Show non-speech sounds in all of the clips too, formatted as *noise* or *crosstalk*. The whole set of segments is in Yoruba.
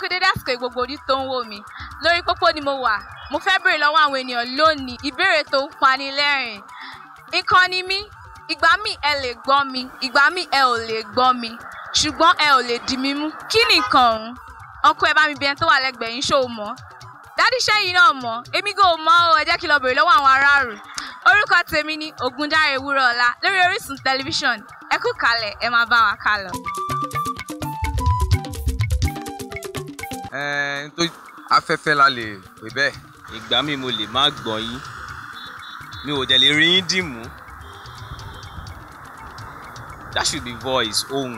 kú dédé àsìkò ìgbogbo orí tó ń wò mí lórí pópó ni mo wà mo fẹ́ béèrè lọ́wọ́ àwọn ènìyàn lónìí ìbéèrè tó ń pani lẹ́rìn nǹkan ni mí ìgbà mi ẹ lè gbọ́ mi ìgbà mi ẹ ò lè gbọ́ mi ṣùgbọ́n ẹ ò lè dì mí mú kí nìkan ọ̀hún ọkọ ẹ bá mi bí ẹni tó wà lẹ́gbẹ̀ẹ́ yín ṣó mọ́ dádì sẹ́yìn náà mọ̀ èmi gò mọ̀ ọ́ ẹ jẹ́ kí lọ béèrè lọ́wọ́ àwọn aráàlú orúkọ tèmi ni Ògúndáre Wúrọ̀ọ́lá lórí Orísun tẹlifíṣàn ẹ kú kalẹ̀ ẹ máa bá wa kálọ. Eh, afẹ́fẹ́ la lè pè bẹ́ẹ̀. ìgbà mi mo lè má gbọ́ yín mi ò dẹ̀ lè rí yín dìmú that should be voice ohùn.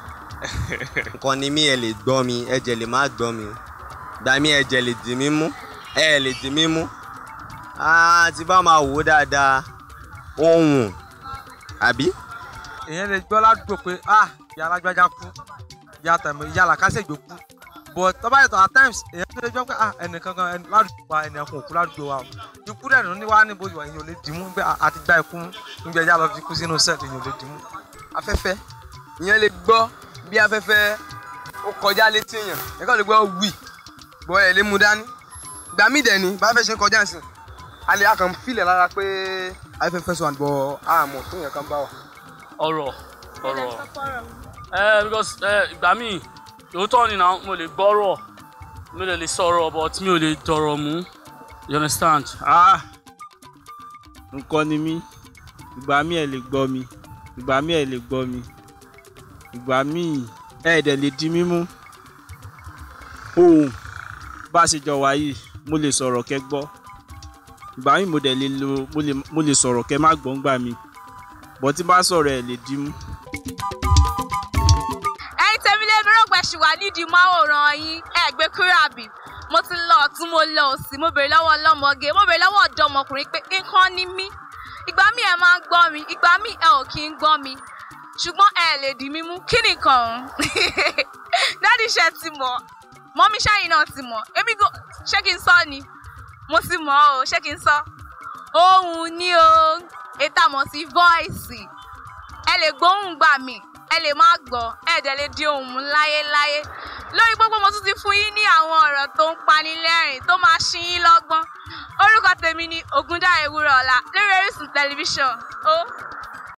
*laughs* nǹkan ni mí ẹ lè gbọ́ mi ẹ̀jẹ̀ lè má gbọ́ mi gbà ẹ̀jẹ̀ lè dì mí mú ẹ lè dì mí mú àti bá máa wò ó dáadáa ohùn àbí. èèyàn lè gbọ́ ládùúgbò pé ah ìyá alágbájá kú yà tàmí yàrá kásẹ̀gbè kú but tọ́ba yẹtọ̀ at times èyàn tó lè jọ pé ah ẹnìkan kan ládùúgbò wa ẹnìkan kò kú ládùúgbò wa ikú rẹ̀ ní wá níbo ìwà èyàn ò lè dìímú pé àti ah, gba ikú níbi ẹja lọ fi kú sínú sẹ́ẹ̀tì èyàn ò lè dìímú. afẹ́fẹ́ ìyẹn lè gbọ́ bí afẹ́fẹ́ ó kọjá létí èèyàn ẹ̀kọ́ lè gbọ́ wì gbọ́ ẹ̀ lé mu dání gbà mí dẹ̀ni bá fẹ́ ṣe kọjá sí a lè akàn fílẹ̀ lára pé afẹ́fẹ́ sọ àgbọ̀ àmọ̀ tó yẹn kan bá wà. ọ̀rọ̀ ọ̀rọ̀ Eh, because ẹ eh, ìgbà míì òótọ́ ni na mo lè gbọ́rọ̀ mo lè lè sọ̀rọ̀ but mi ò lè dọ̀rọ̀ mú you understand. ah nǹkan ni mí ìgbà míì ẹ lè gbọ́ mi ìgbà míì ẹ lè gbọ́ mi ìgbà míì ẹ dẹ̀ lè di mímú ohun bá a ṣe jọ wá yìí mo lè sọ̀rọ̀ kẹ́ gbọ́ ìgbà míì mo dẹ̀ lè lo mo lè sọ̀rọ̀ kẹ́ má gbọ́ ń gbà bọ́tí bá sọ̀rọ̀ ẹ lè di mú. Adébírògbé ṣì wà nídìí máwòrán yín ẹ̀gbẹ́ kúràbì mo ti lọ ọ̀tún mo lọ òsì mo bèrè lọ́wọ́ ọlọ́mọge mo bèrè lọ́wọ́ ọ̀dọ́mọkùnrin pé nǹkan ni mí ìgbà míì ẹ máa ń gbọ́ mi ìgbà míì ẹ ò kí ń gbọ́ mi ṣùgbọ́n ẹ lè dì mí mú kí nìkan òun *laughs* dádì ṣe ti mọ̀ mọ́mí ṣáyìn náà ti mọ̀ èmi gò ṣé kí n sọ ni mo ti mọ̀ o ṣé kí n sọ ohun ni o ètò àmọ̀ sí voice ẹ lè gbóhùn gbà mí ẹ lè má gbọ́ ẹ dẹ̀ lè di ohùn mú láyéláyé lórí pópó mo tún ti fún yín ní àwọn ọ̀rọ̀ tó ń pani lẹ́rìn tó máa ṣí yín lọ́gbọ́n orúkọ tèmi ni Ògúndáyé Wúrọ̀ọlá lórí Orísun tẹlifíṣàn ó.